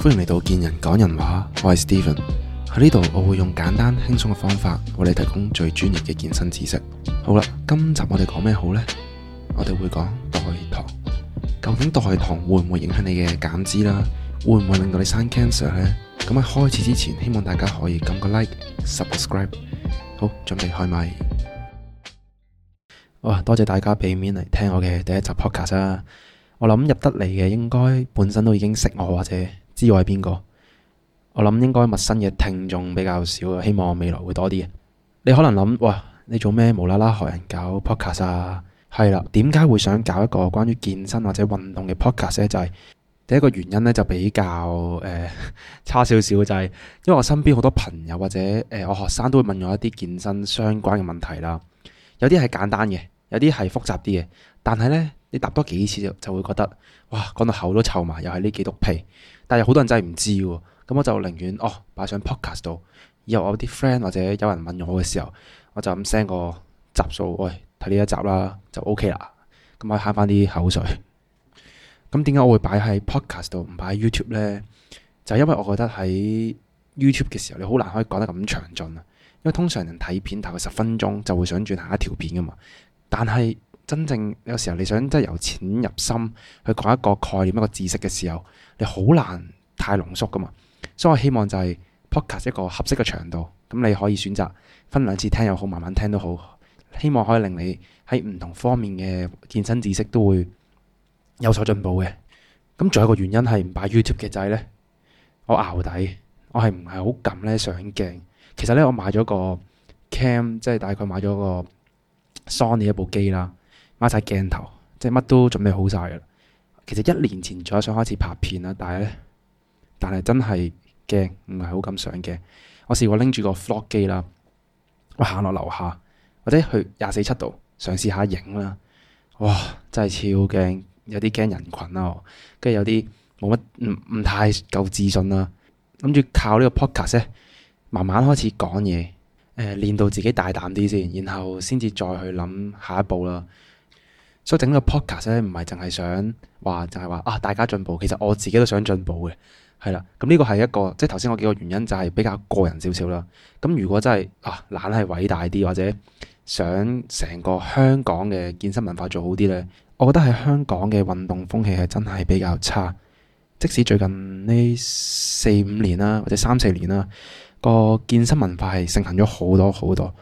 歡迎嚟到健人港人話，我係 Steven 喺呢度。我會用簡單輕鬆嘅方法為你提供最專業嘅健身知識。好啦，今集我哋講咩好呢？我哋會講代糖，究竟代糖會唔會影響你嘅減脂啦？會唔會令到你生 cancer 呢？咁喺開始之前，希望大家可以撳個 like subscribe。好，準備開咪。哇，多謝大家俾面嚟聽我嘅第一集 podcast。我諗入得嚟嘅應該本身都已經識我或者。知我係邊個？我諗應該陌生嘅聽眾比較少，希望未來會多啲嘅。你可能諗，哇，你做咩無啦啦學人搞 podcast 啊？係啦，點解會想搞一個關於健身或者運動嘅 podcast 咧？就係第一個原因咧，就比較誒、呃、差少少就係因為我身邊好多朋友或者誒我學生都會問我一啲健身相關嘅問題啦。有啲係簡單嘅。有啲係複雜啲嘅，但係呢，你答多幾次就就會覺得，哇！講到口都臭埋，又係呢幾督屁。但係好多人真係唔知喎，咁、嗯、我就寧願哦，擺上 podcast 度。以後我啲 friend 或者有人問我嘅時候，我就咁 send 個集數，喂，睇呢一集啦，就 OK 啦。咁、嗯、可以慳翻啲口水。咁點解我會擺喺 podcast 度，唔擺 YouTube 呢？就因為我覺得喺 YouTube 嘅時候，你好難可以講得咁詳盡啊。因為通常人睇片大概十分鐘就會想轉下一條片噶嘛。但係真正有時候你想即係由淺入深去講一個概念、一個知識嘅時候，你好難太濃縮噶嘛。所以我希望就係 Podcast 一個合適嘅長度，咁你可以選擇分兩次聽又好，慢慢聽都好。希望可以令你喺唔同方面嘅健身知識都會有所進步嘅。咁仲有一個原因係唔擺 YouTube 嘅就係咧，我淆底，我係唔係好敢咧上鏡。其實咧，我買咗個 cam，即係大概買咗個。Sony 一部機啦，買晒鏡頭，即係乜都準備好晒㗎喇。其實一年前左右想開始拍片啦，但係咧，但係真係驚，唔係好敢上鏡。我試過拎住個 Vlog 機啦，我行落樓下或者去廿四七度嘗試下影啦，哇，真係超驚，有啲驚人群啦，跟住有啲冇乜，唔唔太夠自信啦，諗住靠呢個 Podcast 慢慢開始講嘢。誒、呃、練到自己大膽啲先，然後先至再去諗下一步啦。所以整個 podcast 呢，唔係淨係想話，淨係話啊大家進步。其實我自己都想進步嘅，係啦。咁、嗯、呢、這個係一個即係頭先我幾個原因，就係比較個人少少啦。咁、嗯、如果真係啊懶係偉大啲，或者想成個香港嘅健身文化做好啲呢，我覺得喺香港嘅運動風氣係真係比較差。即使最近呢四五年啦，或者三四年啦。個健身文化係盛行咗好多好多，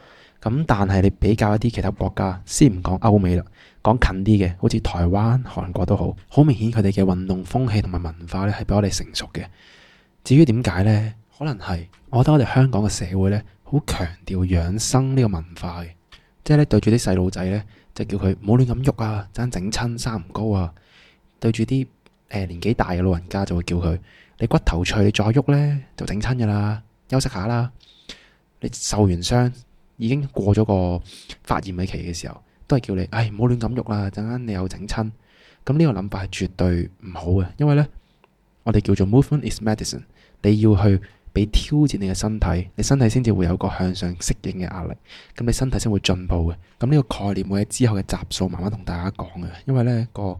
咁但係你比較一啲其他國家，先唔講歐美啦，講近啲嘅，好似台灣、韓國都好，好明顯佢哋嘅運動風氣同埋文化咧係比我哋成熟嘅。至於點解咧？可能係我覺得我哋香港嘅社會咧，好強調養生呢個文化嘅，即係咧對住啲細路仔咧，就叫佢唔好亂咁喐啊，陣間整親生唔高啊；對住啲誒年紀大嘅老人家就會叫佢：你骨頭脆，你再喐咧就整親㗎啦。休息下啦，你受完傷已經過咗個發炎嘅期嘅時候，都係叫你，唉，唔好亂咁喐啦，陣間你又整親，咁呢個諗法係絕對唔好嘅，因為呢，我哋叫做 movement is medicine，你要去俾挑戰你嘅身體，你身體先至會有個向上適應嘅壓力，咁你身體先會進步嘅，咁呢個概念會喺之後嘅集數慢慢同大家講嘅，因為呢個。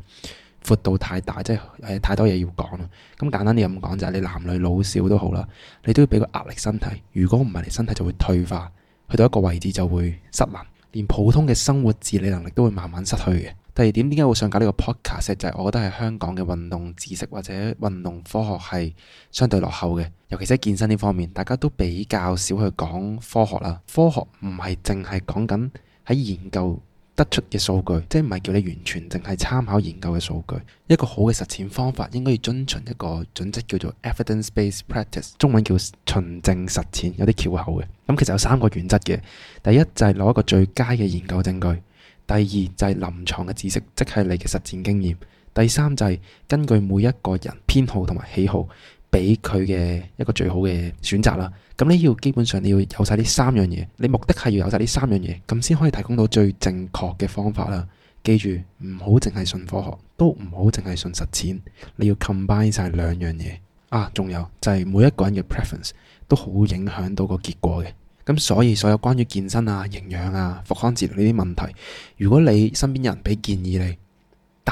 闊度太大，即係太多嘢要講啦。咁簡單啲咁講，就係你男女老少都好啦，你都要俾個壓力身體。如果唔係，你身體就會退化，去到一個位置就會失能，連普通嘅生活自理能力都會慢慢失去嘅。第二點，點解會想搞呢個 podcast？就係我覺得喺香港嘅運動知識或者運動科學係相對落後嘅，尤其喺健身呢方面，大家都比較少去講科學啦。科學唔係淨係講緊喺研究得出嘅數據，即係唔係叫你完全淨係參考研究嘅數據。一個好嘅實踐方法應該要遵循一個準則，叫做 evidence-based practice，中文叫循證實踐，有啲翹口嘅。咁、嗯、其實有三個原則嘅。第一就係攞一個最佳嘅研究證據。第二就係臨床嘅知識，即係你嘅實踐經驗。第三就係根據每一個人偏好同埋喜好。俾佢嘅一個最好嘅選擇啦。咁你要基本上你要有晒呢三樣嘢，你目的係要有晒呢三樣嘢，咁先可以提供到最正確嘅方法啦。記住唔好淨係信科學，都唔好淨係信實踐，你要 combine 晒兩樣嘢。啊，仲有就係每一個人嘅 preference 都好影響到個結果嘅。咁所以所有關於健身啊、營養啊、復康治療呢啲問題，如果你身邊有人俾建議你，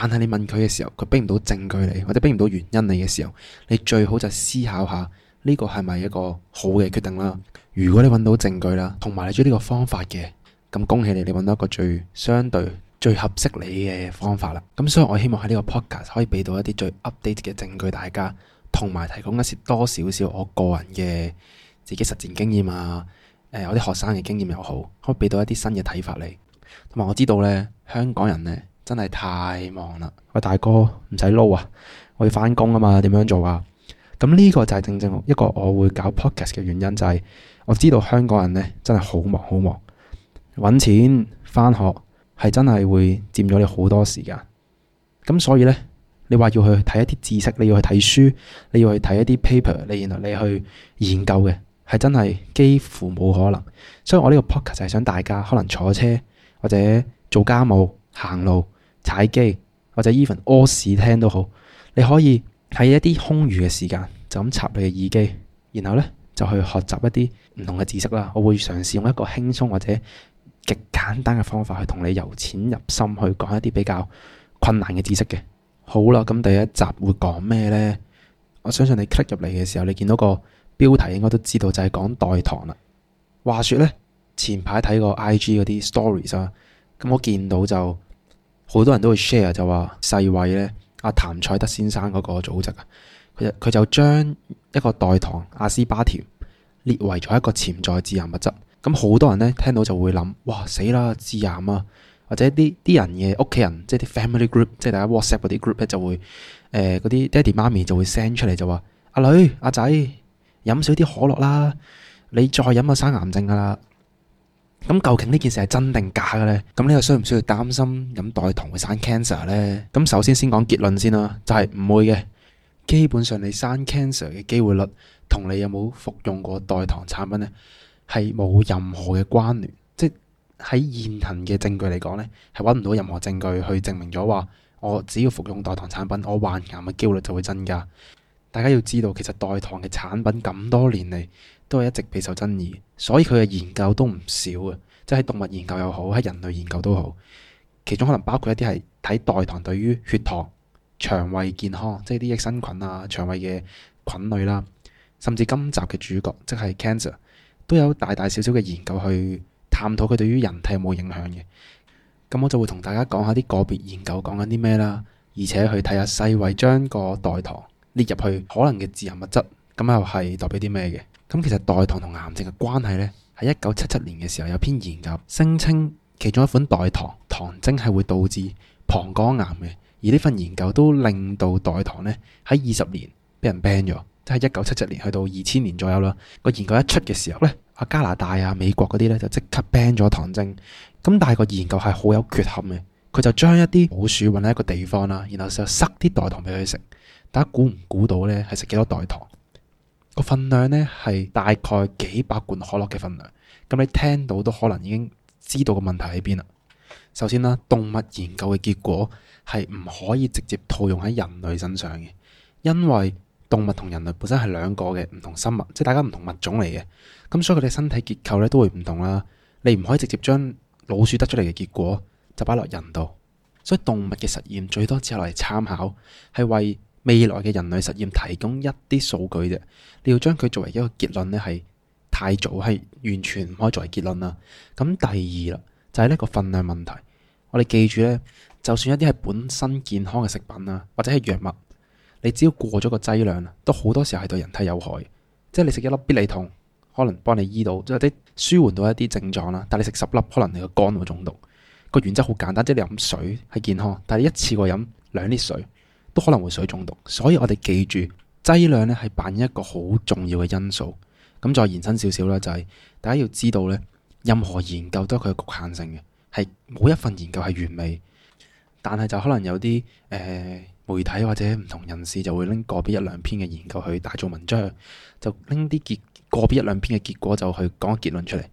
但係你問佢嘅時候，佢逼唔到證據你，或者逼唔到原因你嘅時候，你最好就思考下呢、這個係咪一個好嘅決定啦。如果你揾到證據啦，同埋你中意呢個方法嘅，咁恭喜你，你揾到一個最相對最合適你嘅方法啦。咁所以我希望喺呢個 podcast 可以俾到一啲最 update 嘅證據，大家同埋提供一啲多少少我個人嘅自己實踐經驗啊，誒、呃、我啲學生嘅經驗又好，可以俾到一啲新嘅睇法你。同埋我知道呢香港人呢。真係太忙啦！喂，大哥，唔使撈啊！我要返工啊嘛，點樣做啊？咁呢個就係正正一個我會搞 podcast 嘅原因，就係我知道香港人呢真係好忙好忙，搵錢、返學係真係會佔咗你好多時間。咁所以呢，你話要去睇一啲知識，你要去睇書，你要去睇一啲 paper，你然後你去研究嘅，係真係幾乎冇可能。所以我呢個 podcast 就係想大家可能坐車或者做家務、行路。踩機或者 even 屙屎聽都好，你可以喺一啲空餘嘅時間就咁插你嘅耳機，然後咧就去學習一啲唔同嘅知識啦。我會嘗試用一個輕鬆或者極簡單嘅方法去同你由淺入深去講一啲比較困難嘅知識嘅。好啦，咁第一集會講咩咧？我相信你 click 入嚟嘅時候，你見到個標題應該都知道，就係講代糖啦。話説咧，前排睇過 IG 嗰啲 stories 啊，咁我見到就。好多人都會 share 就話，世衛咧，阿譚賽德先生嗰個組織啊，佢佢就將一個代糖阿斯巴甜列為咗一個潛在致癌物質。咁好多人咧聽到就會諗，哇死啦，致癌啊！或者啲啲人嘅屋企人，即係啲 family group，即係大家 WhatsApp 嗰啲 group 咧就會誒，嗰啲爹地媽咪就會 send 出嚟就話：阿女阿仔，飲少啲可樂啦，你再飲啊，生癌症噶啦！咁究竟呢件事係真定假嘅呢？咁呢個需唔需要擔心飲代糖會生 cancer 呢？咁首先先講結論先啦，就係唔會嘅。基本上你生 cancer 嘅機會率同你有冇服用過代糖產品呢係冇任何嘅關聯。即喺現行嘅證據嚟講呢，係揾唔到任何證據去證明咗話，我只要服用代糖產品，我患癌嘅機會率就會增加。大家要知道，其實代糖嘅產品咁多年嚟，都係一直備受爭議，所以佢嘅研究都唔少啊。即係喺動物研究又好，喺人類研究都好，其中可能包括一啲係睇代糖對於血糖、腸胃健康，即係啲益生菌啊、腸胃嘅菌類啦、啊，甚至今集嘅主角即係 cancer 都有大大小小嘅研究去探討佢對於人體有冇影響嘅。咁我就會同大家講下啲個別研究講緊啲咩啦，而且去睇下世衛將個代糖列入去可能嘅致癌物質，咁又係代表啲咩嘅？咁其實代糖同癌症嘅關係呢，喺一九七七年嘅時候有篇研究，聲稱其中一款代糖糖精係會導致膀胱癌嘅。而呢份研究都令到代糖呢喺二十年俾人 ban 咗，即係一九七七年去到二千年左右啦。個研究一出嘅時候呢，阿加拿大啊、美國嗰啲呢就即刻 ban 咗糖精。咁但係個研究係好有缺陷嘅，佢就將一啲老鼠揾喺一個地方啦，然後就塞啲代糖俾佢食。大家估唔估到呢係食幾多代糖？個份量呢係大概幾百罐可樂嘅份量，咁你聽到都可能已經知道個問題喺邊啦。首先啦，動物研究嘅結果係唔可以直接套用喺人類身上嘅，因為動物同人類本身係兩個嘅唔同生物，即係大家唔同物種嚟嘅，咁所以佢哋身體結構咧都會唔同啦。你唔可以直接將老鼠得出嚟嘅結果就擺落人度，所以動物嘅實驗最多只係嚟參考，係為未來嘅人類實驗提供一啲數據啫，你要將佢作為一個結論咧，係太早，係完全唔可以作為結論啦。咁第二啦，就係呢個分量問題。我哋記住咧，就算一啲係本身健康嘅食品啊，或者係藥物，你只要過咗個劑量啦，都好多時候係對人體有害。即係你食一粒必理痛，可能幫你醫到，即係啲舒緩到一啲症狀啦。但係你食十粒，可能你個肝會中毒。個原則好簡單，即係你飲水係健康，但係一次過飲兩啲水，都可能會水中毒，所以我哋記住劑量呢係扮演一個好重要嘅因素。咁再延伸少少啦，就係、是、大家要知道呢，任何研究都有佢嘅局限性嘅，係冇一份研究係完美。但係就可能有啲誒、呃、媒體或者唔同人士就會拎個別一兩篇嘅研究去大做文章，就拎啲結個別一兩篇嘅結果就去講個結論出嚟。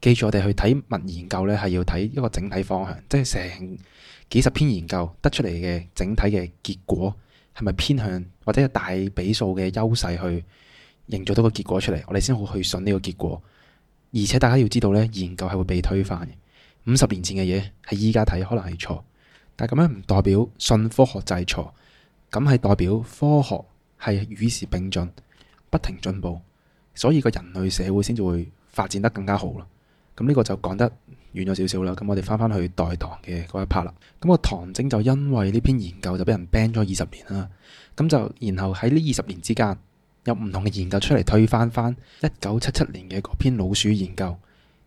記住我哋去睇文研究呢，係要睇一個整體方向，即係成。幾十篇研究得出嚟嘅整體嘅結果係咪偏向或者有大比數嘅優勢去營造到個結果出嚟，我哋先好去信呢個結果。而且大家要知道呢，研究係會被推翻嘅。五十年前嘅嘢係依家睇可能係錯，但係咁樣唔代表信科學就係錯，咁係代表科學係與時並進，不停進步，所以個人類社會先至會發展得更加好啦。咁、這、呢個就講得。遠咗少少啦，咁我哋翻翻去代糖嘅嗰一 part 啦。咁個糖精就因為呢篇研究就俾人 ban 咗二十年啦。咁就然後喺呢二十年之間有唔同嘅研究出嚟，推翻翻一九七七年嘅嗰篇老鼠研究，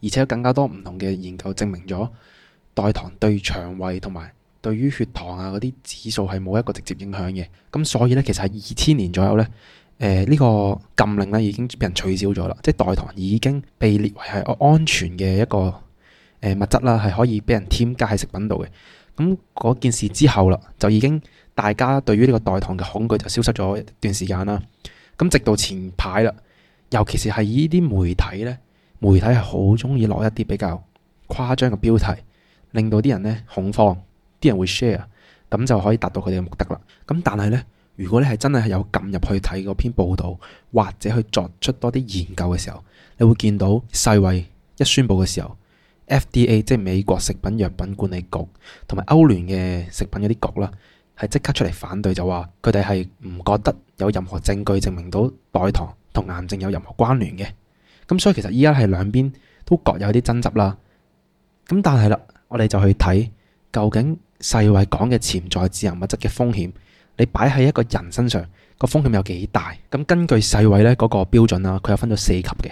而且有更加多唔同嘅研究證明咗代糖對腸胃同埋對於血糖啊嗰啲指數係冇一個直接影響嘅。咁所以呢，其實係二千年左右呢，誒呢個禁令呢已經俾人取消咗啦，即係代糖已經被列為係安全嘅一個。誒物質啦，係可以俾人添加喺食品度嘅。咁嗰件事之後啦，就已經大家對於呢個代糖嘅恐懼就消失咗一段時間啦。咁直到前排啦，尤其是係呢啲媒體咧，媒體係好中意攞一啲比較誇張嘅標題，令到啲人咧恐慌，啲人會 share，咁就可以達到佢哋嘅目的啦。咁但係咧，如果你係真係有撳入去睇嗰篇報道，或者去作出多啲研究嘅時候，你會見到世衛一宣佈嘅時候。FDA 即係美國食品藥品管理局，同埋歐聯嘅食品嗰啲局啦，係即刻出嚟反對，就話佢哋係唔覺得有任何證據證明到代糖同癌症有任何關聯嘅。咁所以其實依家係兩邊都各有啲爭執啦。咁但係啦，我哋就去睇究竟世衛講嘅潛在致癌物質嘅風險，你擺喺一個人身上個風險有幾大？咁根據世衛咧嗰個標準啦，佢有分咗四級嘅。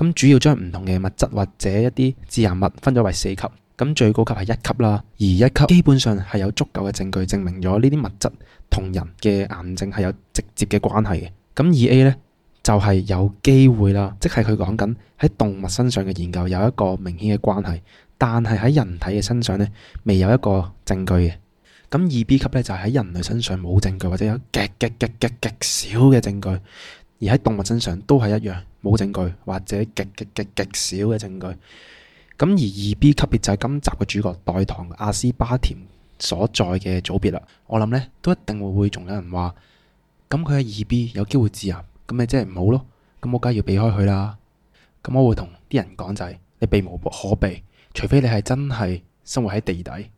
咁主要將唔同嘅物質或者一啲致癌物分咗為四級，咁最高級係一級啦，而一級基本上係有足夠嘅證據證明咗呢啲物質同人嘅癌症係有直接嘅關係嘅。咁二 A 呢，就係有機會啦，即係佢講緊喺動物身上嘅研究有一個明顯嘅關係，但係喺人體嘅身上呢未有一個證據嘅。咁二 B 級呢，就係喺人類身上冇證據或者有極極極極極少嘅證據。而喺動物身上都係一樣，冇證據或者極極極極少嘅證據。咁而二 B 級別就係今集嘅主角代糖阿斯巴甜所在嘅組別啦。我諗呢都一定會會仲有人話，咁佢喺二 B 有機會致癌，咁咪即係唔好咯。咁我梗係要避開佢啦。咁我會同啲人講就係，你避無可避，除非你係真係生活喺地底，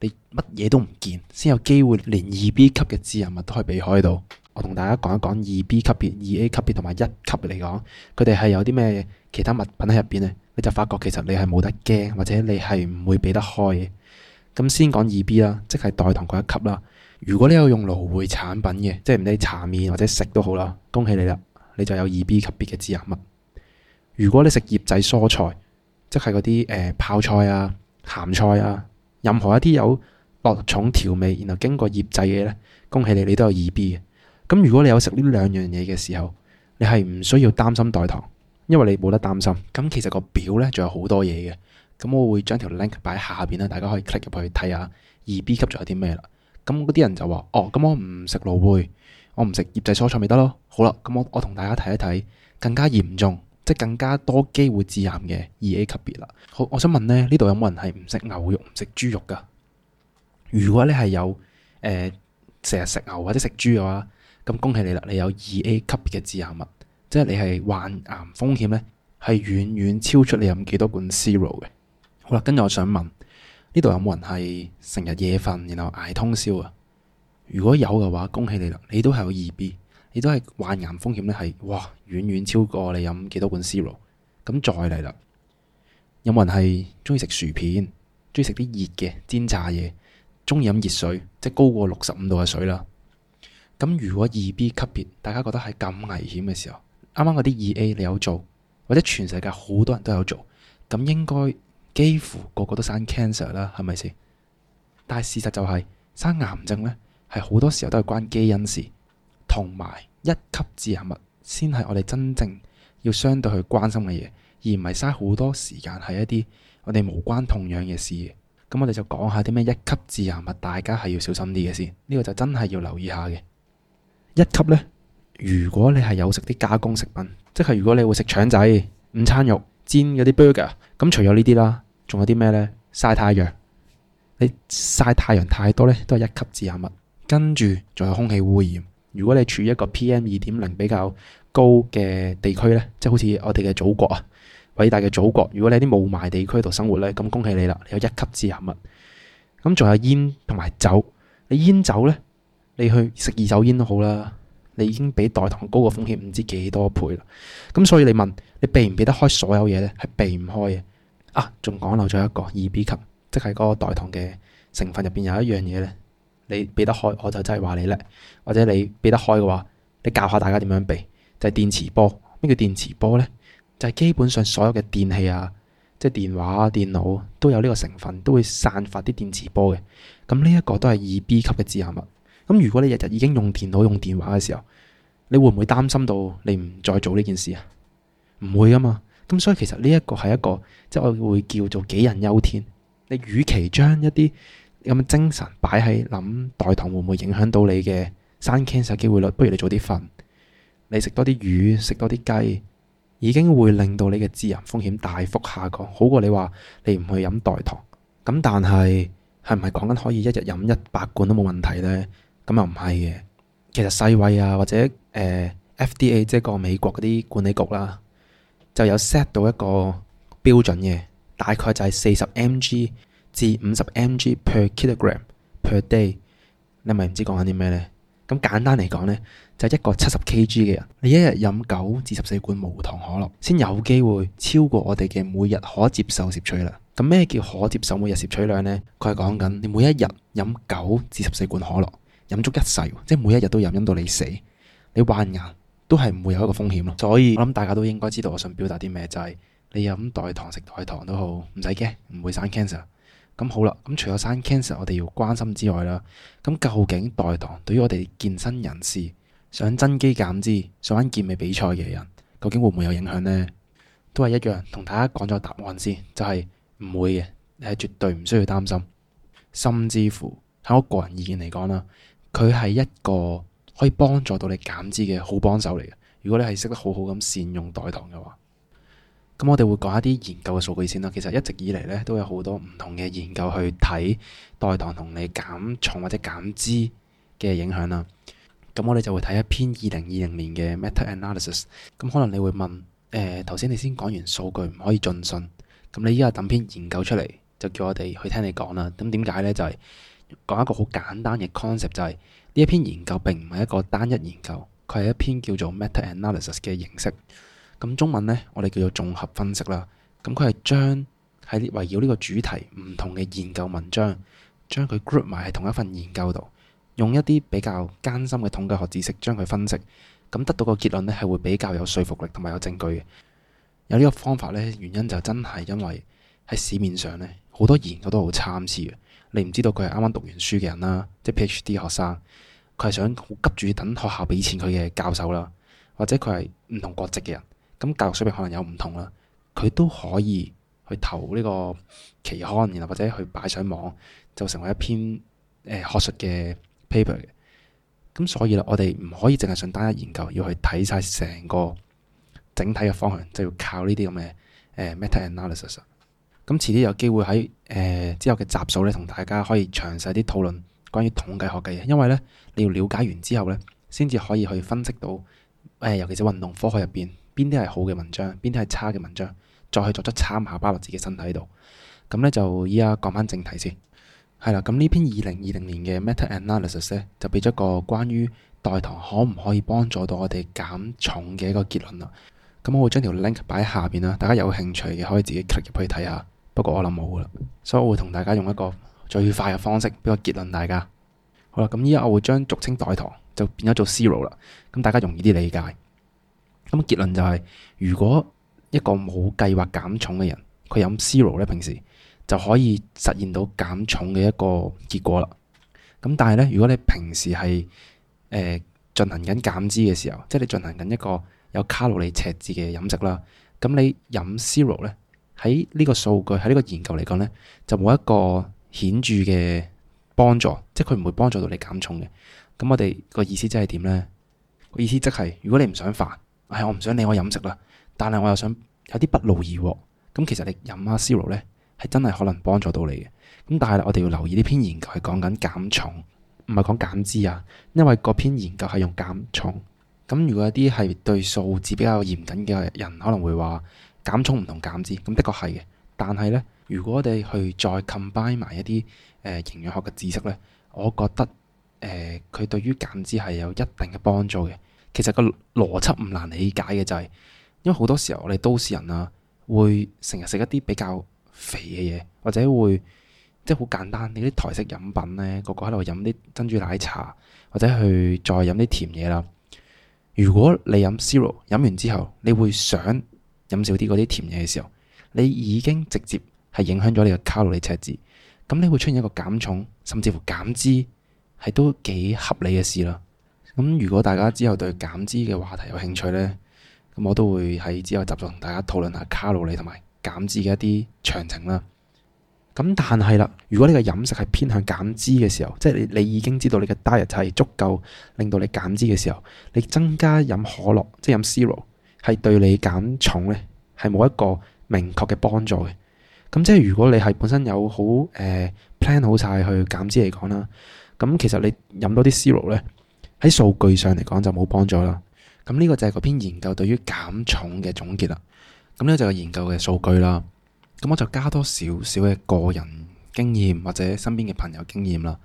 你乜嘢都唔見，先有機會連二 B 級嘅致癌物都可以避開到。我同大家講一講二 B 級別，二 A 級別同埋一級嚟講，佢哋係有啲咩其他物品喺入邊啊？你就發覺其實你係冇得驚，或者你係唔會避得開嘅。咁先講二 B 啦，即係代糖嗰一級啦。如果你有用蘆薈產品嘅，即係唔理茶面或者食都好啦，恭喜你啦，你就有二 B 級別嘅致癌物。如果你食醃製蔬菜，即係嗰啲誒泡菜啊、鹹菜啊，任何一啲有落重調味然後經過醃製嘅咧，恭喜你，你都有二 B 嘅。咁如果你有食呢兩樣嘢嘅時候，你係唔需要擔心代糖，因為你冇得擔心。咁其實個表咧仲有好多嘢嘅。咁我會將條 link 擺喺下邊啦，大家可以 click 入去睇下二 B 級仲有啲咩啦。咁嗰啲人就話哦，咁我唔食蘆薈，我唔食醃製蔬菜，咪得咯。好啦，咁我我同大家睇一睇更加嚴重，即係更加多機會致癌嘅二 A 級別啦。好，我想問呢，呢度有冇人係唔食牛肉唔食豬肉噶？如果你係有誒成日食牛或者食豬嘅話。咁恭喜你啦！你有二 A 級別嘅致癌物，即係你係患癌風險咧，係遠遠超出你飲幾多罐 zero 嘅。好啦，跟住我想問，呢度有冇人係成日夜瞓，然後捱通宵啊？如果有嘅話，恭喜你啦！你都係有二 B，你都係患癌風險咧，係哇遠遠超過你飲幾多罐 zero。咁再嚟啦，有冇人係鍾意食薯片，鍾意食啲熱嘅煎炸嘢，鍾意飲熱水，即係高過六十五度嘅水啦？咁如果二 B 級別，大家覺得係咁危險嘅時候，啱啱嗰啲二 A 你有做，或者全世界好多人都有做，咁應該幾乎個個都生 cancer 啦，係咪先？但係事實就係、是、生癌症咧，係好多時候都係關基因事，同埋一級致癌物先係我哋真正要相對去關心嘅嘢，而唔係嘥好多時間喺一啲我哋無關痛癢嘅事的。咁我哋就講下啲咩一級致癌物，大家係要小心啲嘅先。呢、這個就真係要留意下嘅。一級呢，如果你係有食啲加工食品，即係如果你會食腸仔、午餐肉、煎嗰啲 burger，咁除咗呢啲啦，仲有啲咩呢？曬太陽，你曬太陽太多呢，都係一級致癌物。跟住仲有空氣污染，如果你處於一個 PM 二點零比較高嘅地區呢，即係好似我哋嘅祖國啊，偉大嘅祖國，如果你喺啲霧霾地區度生活呢，咁恭喜你啦，你有一級致癌物。咁仲有煙同埋酒，你煙酒呢？你去食二手煙都好啦，你已經比代糖高個風險唔知幾多倍啦。咁所以你問你避唔避得開所有嘢咧？係避唔開嘅啊。仲講漏咗一個二 B 級，即係嗰個代糖嘅成分入邊有一樣嘢咧。你避得開我就真係話你叻，或者你避得開嘅話，你教下大家點樣避就係、是、電磁波。咩叫電磁波咧？就係、是、基本上所有嘅電器啊，即係電話、電腦都有呢個成分，都會散發啲電磁波嘅。咁呢一個都係二 B 級嘅致癌物。咁如果你日日已經用電腦用電話嘅時候，你會唔會擔心到你唔再做呢件事啊？唔會噶嘛。咁所以其實呢一個係一個，即係我會叫做杞人憂天。你與其將一啲咁嘅精神擺喺諗代糖會唔會影響到你嘅生 cancer 機會率，不如你早啲瞓，你食多啲魚，食多啲雞，已經會令到你嘅致癌風險大幅下降，好過你話你唔去飲代糖。咁但係係唔係講緊可以一日飲一百罐都冇問題咧？咁又唔係嘅，其實世衛啊或者誒、呃、F D A 即係個美國嗰啲管理局啦，就有 set 到一個標準嘅，大概就係四十 m g 至五十 m g per kilogram per day 你是不是不？你咪唔知講緊啲咩咧？咁簡單嚟講咧，就係、一個七十 k g 嘅人，你一日飲九至十四罐無糖可樂，先有機會超過我哋嘅每日可接受攝取量。咁咩叫可接受每日攝取量咧？佢係講緊你每一日飲九至十四罐可樂。飲足一世，即係每一日都飲，飲到你死，你患癌都係唔會有一個風險咯。所以我諗大家都應該知道我想表達啲咩，就係、是、你飲代糖食代糖都好，唔使驚，唔會生 cancer。咁好啦，咁除咗生 cancer 我哋要關心之外啦，咁究竟代糖對於我哋健身人士想增肌減脂、想健美比賽嘅人，究竟會唔會有影響呢？都係一樣，同大家講咗答案先，就係、是、唔會嘅，你係絕對唔需要擔心，甚至乎喺我個人意見嚟講啦。佢係一個可以幫助到你減脂嘅好幫手嚟嘅。如果你係識得好好咁善用代糖嘅話，咁我哋會講一啲研究嘅數據先啦。其實一直以嚟呢，都有好多唔同嘅研究去睇代糖同你減重或者減脂嘅影響啦。咁我哋就會睇一篇二零二零年嘅 meta analysis。咁可能你會問，誒、呃，頭先你先講完數據唔可以盡信，咁你依家等篇研究出嚟就叫我哋去聽你講啦。咁點解呢？就係、是。講一個好簡單嘅 concept 就係，呢一篇研究並唔係一個單一研究，佢係一篇叫做 meta analysis 嘅形式。咁中文呢，我哋叫做綜合分析啦。咁佢係將喺圍繞呢個主題唔同嘅研究文章，將佢 group 埋喺同一份研究度，用一啲比較艱深嘅統計學知識將佢分析，咁得到個結論呢，係會比較有說服力同埋有證據嘅。有呢個方法呢，原因就真係因為喺市面上呢，好多研究都好參差嘅。你唔知道佢係啱啱讀完書嘅人啦，即係 PhD 學生，佢係想好急住等學校畀錢佢嘅教授啦，或者佢係唔同國籍嘅人，咁教育水平可能有唔同啦，佢都可以去投呢個期刊，然後或者去擺上網，就成為一篇誒學術嘅 paper 嘅。咁所以啦，我哋唔可以淨係想單一研究，要去睇晒成個整體嘅方向，就要靠呢啲咁嘅誒 meta analysis 啊。咁遲啲有機會喺誒、呃、之後嘅集數咧，同大家可以詳細啲討論關於統計學嘅嘢，因為咧你要了解完之後咧，先至可以去分析到誒、呃，尤其是運動科學入邊邊啲係好嘅文章，邊啲係差嘅文章，再去作出參考，包括自己身體度。咁咧就依家講翻正題先，係啦。咁呢篇二零二零年嘅 Meta Analysis 咧，就俾咗一個關於代糖可唔可以幫助到我哋減重嘅一個結論啦。咁我會將條 link 擺喺下邊啦，大家有興趣嘅可以自己 click 入去睇下。不過我諗冇啦，所以我會同大家用一個最快嘅方式俾個結論大家。好啦，咁依家我會將俗稱代糖就變咗做 zero 啦，咁大家容易啲理解。咁、那個、結論就係、是，如果一個冇計劃減重嘅人，佢飲 zero 咧，平時就可以實現到減重嘅一個結果啦。咁但係咧，如果你平時係誒、呃、進行緊減脂嘅時候，即係你進行緊一個有卡路里赤字嘅飲食啦，咁你飲 zero 咧。喺呢個數據，喺呢個研究嚟講呢就冇一個顯著嘅幫助，即係佢唔會幫助到你減重嘅。咁我哋個意思即係點呢？個意思即係如果你唔想煩，唉、哎，我唔想理我飲食啦，但係我又想有啲不勞而獲。咁其實你飲下 c e r 咧，係真係可能幫助到你嘅。咁但係我哋要留意呢篇研究係講緊減重，唔係講減脂啊。因為嗰篇研究係用減重。咁如果有啲係對數字比較嚴謹嘅人，可能會話。減重唔同減脂，咁的確係嘅，但係呢，如果我哋去再 combine 埋一啲誒、呃、營養學嘅知識呢，我覺得誒佢、呃、對於減脂係有一定嘅幫助嘅。其實個邏輯唔難理解嘅、就係，就係因為好多時候我哋都市人啊，會成日食一啲比較肥嘅嘢，或者會即係好簡單，你啲台式飲品呢，個個喺度飲啲珍珠奶茶，或者去再飲啲甜嘢啦。如果你飲 zero 飲完之後，你會想。飲少啲嗰啲甜嘢嘅時候，你已經直接係影響咗你嘅卡路里赤字，咁你會出現一個減重，甚至乎減脂，係都幾合理嘅事啦。咁如果大家之後對減脂嘅話題有興趣呢，咁我都會喺之後集中同大家討論下卡路里同埋減脂嘅一啲詳情啦。咁但係啦，如果你嘅飲食係偏向減脂嘅時候，即係你你已經知道你嘅 diet 係足夠令到你減脂嘅時候，你增加飲可樂，即係飲 zero。係對你減重咧，係冇一個明確嘅幫助嘅。咁即係如果你係本身有、呃、好誒 plan 好晒去減脂嚟講啦，咁其實你飲多啲 C 羅咧，喺數據上嚟講就冇幫助啦。咁呢個就係嗰篇研究對於減重嘅總結啦。咁呢個就係研究嘅數據啦。咁我就加多少少嘅個人經驗或者身邊嘅朋友經驗啦。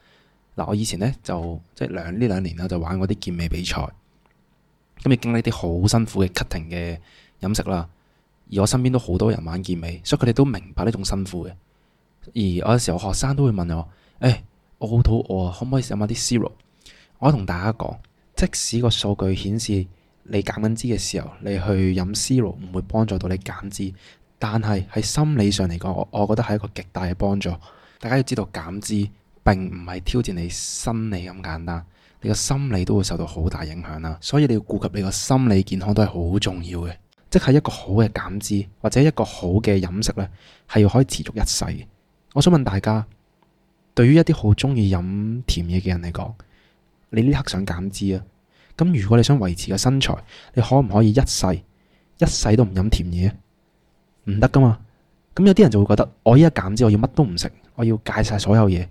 嗱，我以前呢，就即係、就是、兩呢兩年啦，就玩嗰啲健美比賽。今日經歷啲好辛苦嘅 cutting 嘅飲食啦，而我身邊都好多人玩健美，所以佢哋都明白呢種辛苦嘅。而我有時候學生都會問我，誒、哎，我好肚餓啊，可唔可以飲下啲 zero？我同大家講，即使個數據顯示你減緊脂嘅時候，你去飲 zero 唔會幫助到你減脂，但係喺心理上嚟講，我我覺得係一個極大嘅幫助。大家要知道減脂並唔係挑戰你生理咁簡單。你個心理都會受到好大影響啦，所以你要顧及你個心理健康都係好重要嘅，即係一個好嘅減脂或者一個好嘅飲食咧，係要可以持續一世。我想問大家，對於一啲好中意飲甜嘢嘅人嚟講，你呢刻想減脂啊？咁如果你想維持個身材，你可唔可以一世一世都唔飲甜嘢？唔得噶嘛！咁有啲人就會覺得，我依家減脂，我要乜都唔食，我要戒晒所有嘢。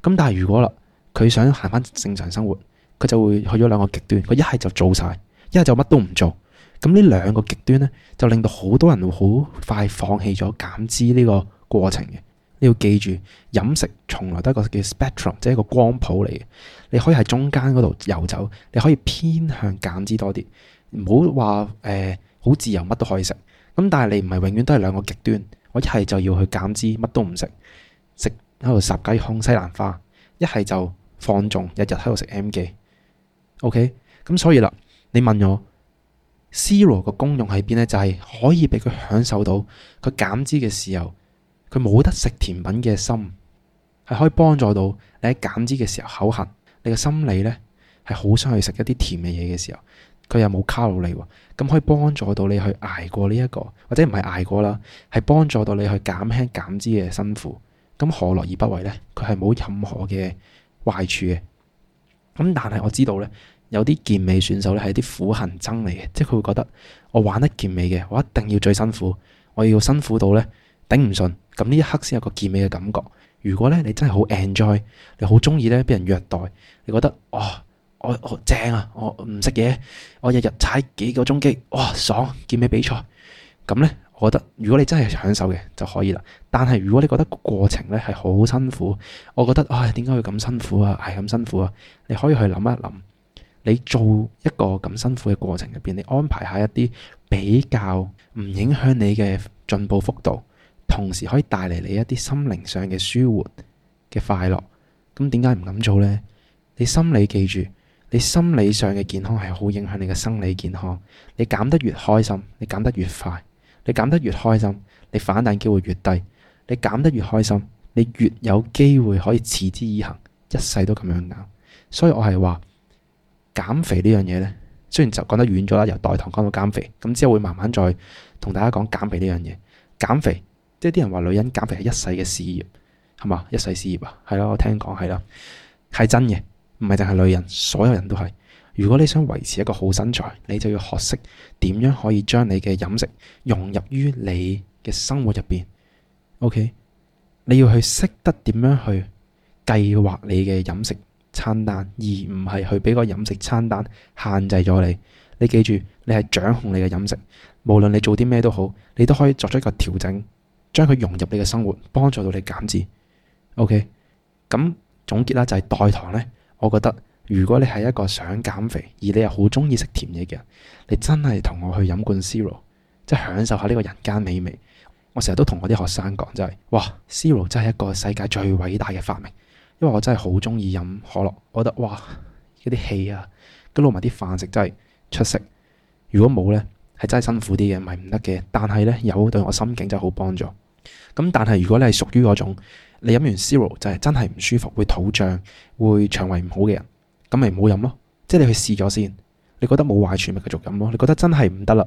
咁但係如果啦，佢想行翻正常生活。佢就會去咗兩個極端，佢一係就做晒，一係就乜都唔做。咁呢兩個極端咧，就令到好多人會好快放棄咗減脂呢個過程嘅。你要記住，飲食從來都係一個叫 spectrum，即係一個光譜嚟嘅。你可以喺中間嗰度遊走，你可以偏向減脂多啲，唔好話誒，好自由乜都可以食。咁但係你唔係永遠都係兩個極端，我一係就要去減脂，乜都唔食，食喺度烚雞胸西蘭花，一係就放縱，日日喺度食 M 記。OK，咁所以啦，你問我 ZERO 個功用喺邊咧？就係、是、可以俾佢享受到佢減脂嘅時候，佢冇得食甜品嘅心，係可以幫助到你喺減脂嘅時候口痕。你嘅心理咧係好想去食一啲甜嘅嘢嘅時候，佢又冇卡路里，咁可以幫助到你去挨過呢、這、一個，或者唔係挨過啦，係幫助到你去減輕減脂嘅辛苦。咁何樂而不為咧？佢係冇任何嘅壞處嘅。咁但係我知道咧，有啲健美選手咧係啲苦行僧嚟嘅，即係佢會覺得我玩得健美嘅，我一定要最辛苦，我要辛苦到咧頂唔順，咁呢一刻先有個健美嘅感覺。如果咧你真係好 enjoy，你好中意咧俾人虐待，你覺得哦，我我、哦、正啊，我唔識嘢，我日日踩幾個鐘機，哇、哦、爽，健美比賽，咁咧。我覺得，如果你真係享受嘅就可以啦。但係如果你覺得個過程咧係好辛苦，我覺得唉，點解會咁辛苦啊？係咁辛苦啊？你可以去諗一諗，你做一個咁辛苦嘅過程入邊，你安排下一啲比較唔影響你嘅進步幅度，同時可以帶嚟你一啲心靈上嘅舒緩嘅快樂。咁點解唔敢做咧？你心理記住，你心理上嘅健康係好影響你嘅生理健康。你減得越開心，你減得越快。你減得越開心，你反彈機會越低；你減得越開心，你越有機會可以持之以恒，一世都咁樣減。所以我係話減肥呢樣嘢咧，雖然就講得遠咗啦，由代糖講到減肥，咁之後會慢慢再同大家講減肥呢樣嘢。減肥，即係啲人話女人減肥係一世嘅事業，係嘛？一世事業啊，係咯，我聽講係咯，係真嘅，唔係淨係女人，所有人都係。如果你想維持一個好身材，你就要學識點樣可以將你嘅飲食融入於你嘅生活入邊。OK，你要去識得點樣去計劃你嘅飲食餐單，而唔係去俾個飲食餐單限制咗你。你記住，你係掌控你嘅飲食，無論你做啲咩都好，你都可以作出一個調整，將佢融入你嘅生活，幫助到你減脂。OK，咁總結啦，就係代糖咧，我覺得。如果你係一個想減肥，而你又好中意食甜嘢嘅人，你真係同我去飲罐 ZERO，即係享受下呢個人間美味。我成日都同我啲學生講，真係哇，ZERO 真係一個世界最偉大嘅發明，因為我真係好中意飲可樂，我覺得哇嗰啲氣啊，跟住撈埋啲飯食真係出色。如果冇呢，係真係辛苦啲嘅，唔係唔得嘅。但係呢，有對我心境真係好幫助。咁但係如果你係屬於嗰種你飲完 ZERO 就係真係唔舒服，會肚脹，會腸胃唔好嘅人。咁咪唔好飲咯，即係你去試咗先，你覺得冇壞處咪繼續飲咯，你覺得真係唔得啦，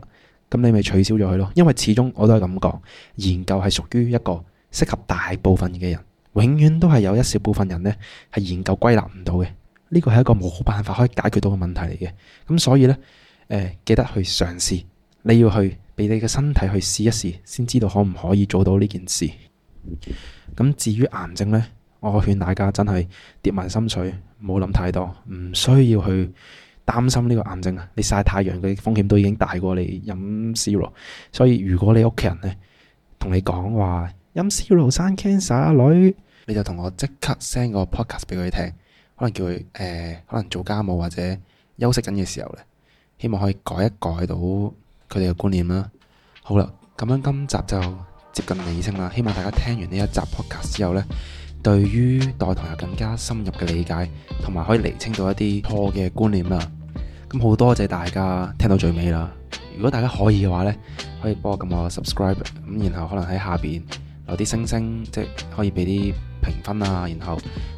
咁你咪取消咗佢咯。因為始終我都係咁講，研究係屬於一個適合大部分嘅人，永遠都係有一小部分人呢係研究歸納唔到嘅，呢個係一個冇辦法可以解決到嘅問題嚟嘅。咁所以呢，誒、呃、記得去嘗試，你要去俾你嘅身體去試一試，先知道可唔可以做到呢件事。咁至於癌症呢？我勸大家真係跌埋心水，唔好諗太多，唔需要去擔心呢個癌症啊！你曬太陽嘅風險都已經大過你飲 Zero，所以如果你屋企人呢，同你講話飲 Zero 生 cancer 女，你就同我即刻 send 個 podcast 俾佢聽，可能叫佢誒、呃、可能做家務或者休息緊嘅時候呢，希望可以改一改到佢哋嘅觀念啦。好啦，咁樣今集就接近尾聲啦，希望大家聽完呢一集 podcast 之後呢。對於代糖有更加深入嘅理解，同埋可以釐清到一啲錯嘅觀念啦。咁好多謝大家聽到最尾啦。如果大家可以嘅話呢，可以幫我撳個 subscribe，咁然後可能喺下邊留啲星星，即係可以俾啲評分啊，然後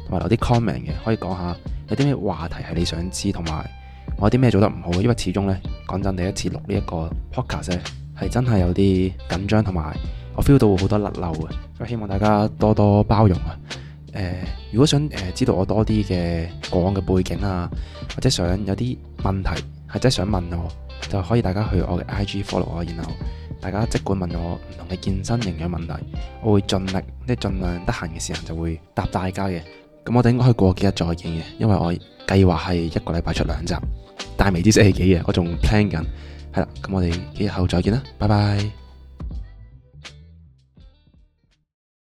同埋留啲 comment 嘅，可以講下有啲咩話題係你想知，同埋我有啲咩做得唔好。因為始終呢，講真，第一次錄呢一個 podcast 係真係有啲緊張同埋。我 feel 到好多甩漏啊，咁希望大家多多包容啊。誒、呃，如果想誒、呃、知道我多啲嘅過往嘅背景啊，或者想有啲問題或者想問我，就可以大家去我嘅 IG follow 我，然後大家即管問我唔同嘅健身營養問題，我會盡力，即盡量得閒嘅時候就會答大家嘅。咁我哋應該可以過幾日再見嘅，因為我計劃係一個禮拜出兩集，但係未知星期幾嘅，我仲 plan 緊。係啦，咁我哋幾日後再見啦，拜拜。